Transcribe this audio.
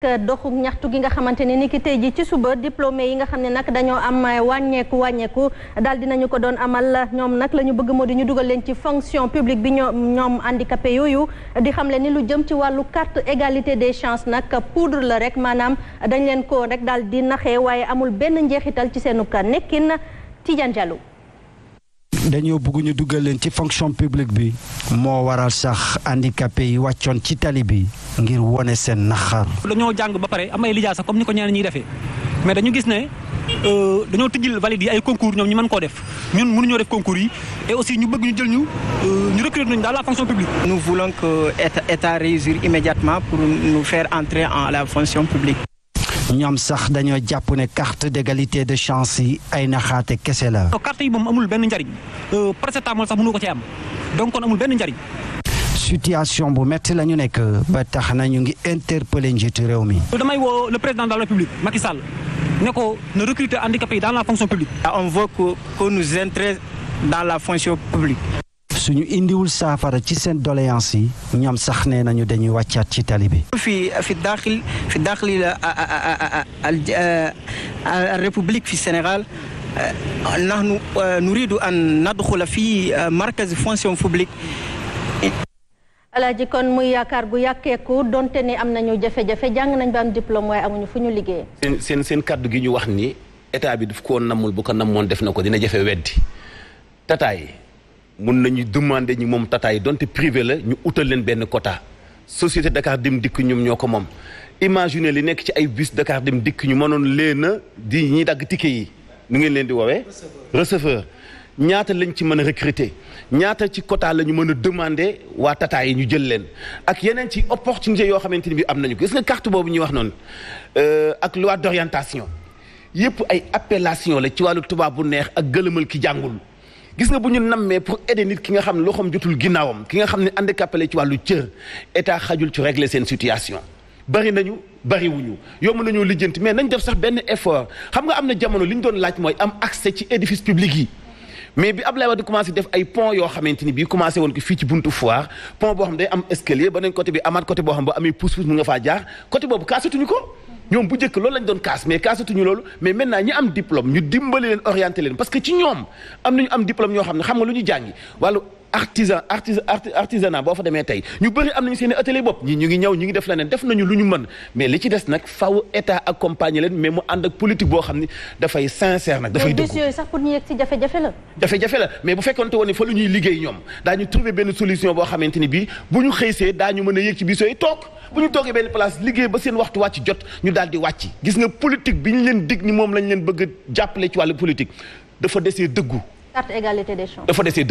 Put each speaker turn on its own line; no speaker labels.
doxu ñaxtu gi nga xamante ne ni ki tey ji ci suba diplômé yi nga xam ne nag dañoo am eh, wàññeeku wàññeeku daal dinañu ko doon amal ñoom nag la ñu bëgg moo di ñu dugal leen ci fonction publique bi ñoom ñoom handicapé yooyu di xam le ni lu jëm ci wàllu carte égalité des chances nag poudre la rek maanaam dañ leen ko rek daal di naxe waaye amul benn njeexital ci seenu ka nekkin Tidiane Diallo
dañoo bëgg ñu duggal leen ci fonction publique bi moo war a sax handicapé yi wàccoon ci tali bi ngir wone seen naxar.
dañoo
jàng ba pare am ay lijaasa comme ni ko ñeneen ñuy defee mais dañu gis ne euh, dañoo tijjil valide yi ay concours ñoom ñu mën koo def ñun mënuñoo def concours yi et aussi ñu bëgg ñu jël ñu euh, ñu recruter nañu dans
la fonction publique. nous voulons que l'État réussisse immédiatement pour nous faire entrer en la fonction publique.
ñoom sax dañoo jàpp ne carte d'égalité de chance yi ay naxaate kese la.
carte yi moom amul benn njariñ euh, paracétamol sax mënu ko cee am donc kon amul benn njariñ.
situation bu métti la ñu nekk ba tax na ñu ngi interpellé njiitu réew mi.
Euh, damay woo le président de la ko ne recruter handicapés dans la fonction publique. on veut que que nous entrons dans la fonction publique.
suñu indiwul saafara ci seen doléance yi ñoom sax nee nañu dañuy wàccaat ci tali bi.
fi fi daaxil fi daaxil république fi Sénégal. Euh, nahnu euh, nuridu an nadxula fi euh, markazi fonction publique
alaaji kon muy yaakaar gu yàkkeeku donte ni am nañu jafe-jafe jàng nañ ba am diplôme waaye amuñu fu ñu liggéey
seen seen kàddu gi ñu wax ni état bi daf koo nammul bu ko nammoon def na ko dina jafe weddi tataay mun nañu demander ñi moom Tata yi donte privé la ñu utal leen benn quota société Dakar Dem Dikk ñoom ñoo ko moom. imaginer li nekk ci ay bus Dakar Dem Dikk ñu mënoon leen a di ñiy dagg ticket yi nu ngeen leen di woowee. receveur ñaata lañ ci mën a recruter ñaata ci quota la ñu mën a demander waa Tata yi ñu jël leen ak yeneen ci opportunité yoo xamante ni bi am nañu gis nga carte boobu ñu wax noonu euh, ak luwaa d'orientation yëpp ay appellation la ci wàllu tubaab bu neex ak gëlëmal ki jàngul. gis nga bu ñu nammee pour aider nit ki nga xam ne loxoom jotul ginnaawam ki nga xam ne handicapé la ci wàllu cër état xajul ci régler seen situation bari nañu bariwuñu wuñu yomb nañoo lijjanti mais nañ def sax benn effort xam nga am na jamono li ñu doon laaj mooy am accès ci édifice public yi mais bi Abdoulaye Wade commencé def ay pont yoo xamante ni bii commencé woon ko fii ci buntu foire pont boo xam day am escalier beneen côté bi amaat côté boo xam ba amee pousse-pousse mu faa jaar côté boobu kaasatuñu ko ñoom bu njëkk loolu lañ doon kaas mais kaasatuñu loolu mais maintenant ñi am diplôme ñu dimbali leen orienté leen parce que ci ñoom am nañu am diplôme ñoo xam ne xam nga lu ñu jàngi artisan artisan artisanat boo fa demee tey ñu bëri am nañu seen i atelier bopp ñi ñu ngi ñëw ñu ngi def leneen def nañu lu ñu mën mais li ci des nag faaw état accompagner leen mais mu ànd ak politique boo xam ni dafay sincère nag. dafay dëgg
mais sax pour ñu yegg ci jafe-jafe
mais bu fekkoonte woon ne ñuy liggéey ñoom daañu trouver benn solution boo xamante ni bii bu ñu xëysee daañu mën a yëg ci bu ñu toogee benn place liggéey ba seen waxtu wàcc jot ñu daal di wàcc gis nga politique bi ñu leen dig ni moom lañ leen bëgg jàppale ci wàllu politique dafa desee dëggu
carte égalité des chances
dafa desee